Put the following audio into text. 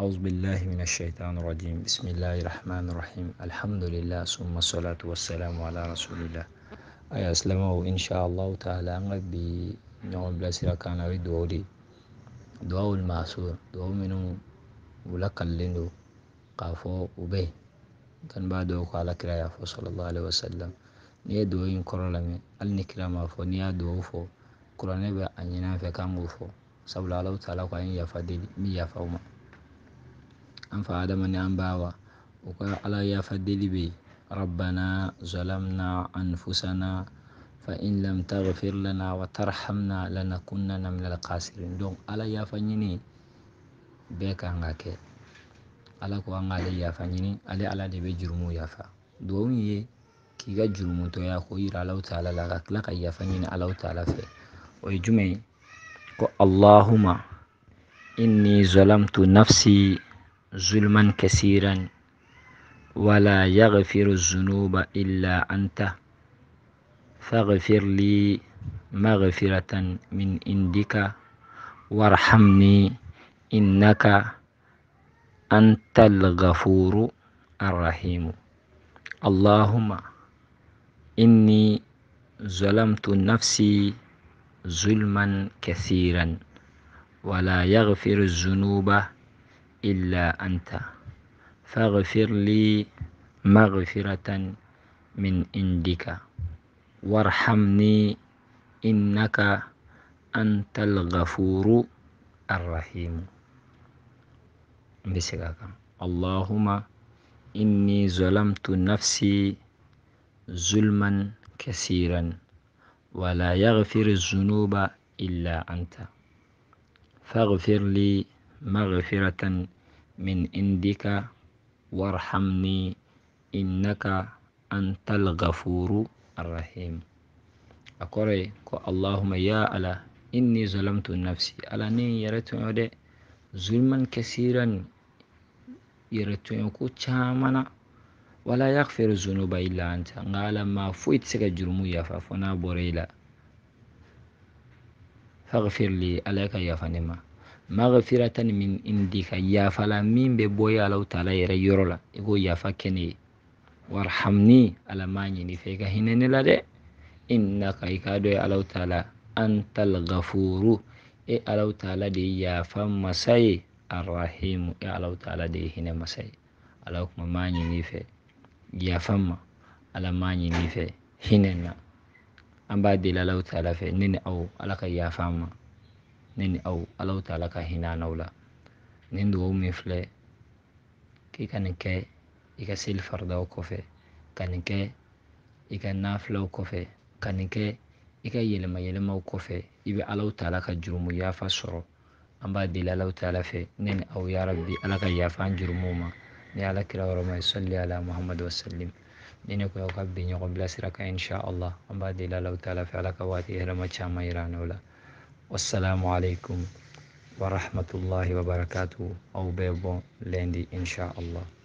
أعوذ بالله من الشيطان الرجيم بسم الله الرحمن الرحيم الحمد لله ثم الصلاة والسلام على رسول الله أي أسلم إن شاء الله تعالى بي نعم بلا سيرة كان أريد دعولي دعاء المعصور دعاء منه ولك لندو قافو وبه كان بعد على كرايا صلى الله عليه وسلم ني دعوين كرلمي النكرام فو ني دعو فو قرآن بأنينا فكان فو سبلا الله تعالى قائن يفادي مي يفاوما anfa adama ni an bawa o ka ala yafa deli bɛ yen ربنا ظلمنا أنفسنا فإن لم تغفر لنا وترحمنا لنكونن من الخاسرين دونك ألا يافا نيني بيك أنغاك ألا كو أنغا لي يافا نيني ألا ألا دي بجرمو يافا دوون يي كيغا جرمو تو ياكو يرى الله تعالى لغا كلاك يافا نيني الله تعالى في ويجمعي اللهم إني ظلمت نفسي ظلما كثيرا ولا يغفر الذنوب إلا أنت فاغفر لي مغفرة من عندك وارحمني إنك أنت الغفور الرحيم اللهم إني ظلمت نفسي ظلما كثيرا ولا يغفر الذنوب إلا أنت فاغفر لي مغفرة من عندك وارحمني إنك أنت الغفور الرحيم اللهم إني ظلمت نفسي ظلما كثيرا ولا يغفر الذنوب إلا أنت فاغفر لي مغفرة من عندك وارحمني إنك أنت الغفور الرحيم أقرأ كو اللهم يا ألا إني ظلمت نفسي ألا ني يرتون يودي ظلما كثيرا يرتون يكو تشامنا ولا يغفر الذنوب إلا أنت قال ما فويت سكا جرمو يافا فنا بوريلا فاغفر لي ألاك يا فنما maghfiratan min indika yafala min be bɔ ye alaw taala yɛrɛ yɔrɔ la i k'o yafa kɛ ye warhamni ala m'a ɲini fɛ i ka hinɛ ne la dɛ innaka i k'a dɔ ye alaw taala antal gafuru e alaw taala de ye yafa masa ye arrahimu e alaw taala de hinɛ masa ye ala kuma m'a ɲini fɛ yafa ma ala m'a ɲini fɛ hinɛ na an b'a deli alaw taala fɛ ne ni aw ala ka yafa ma nin aw alaw taala ka hinɛ n'aw la nin dugawu min filɛ k'i ka nin kɛ i ka seli faridaw kɔfɛ ka nin kɛ i ka nafilaw kɔfɛ ka nin kɛ i ka yɛlɛma yɛlɛmaw kɔfɛ i bɛ alaw taala ka jurumu yafa sɔrɔ an b'a deli alaw taala fɛ ne ni aw yarabi ala ka yafa an jurumuw ma ni ala kira yɔrɔma ye sɔli ala muhamadu wasalim ni ne ko aw ka bin ɲɔgɔn bilasira kan insha an b'a deli alaw taala fɛ ala ka waati hɛrɛma caaman yira an n'aw la والسلام عليكم ورحمة الله وبركاته أو بيبون لندي إن شاء الله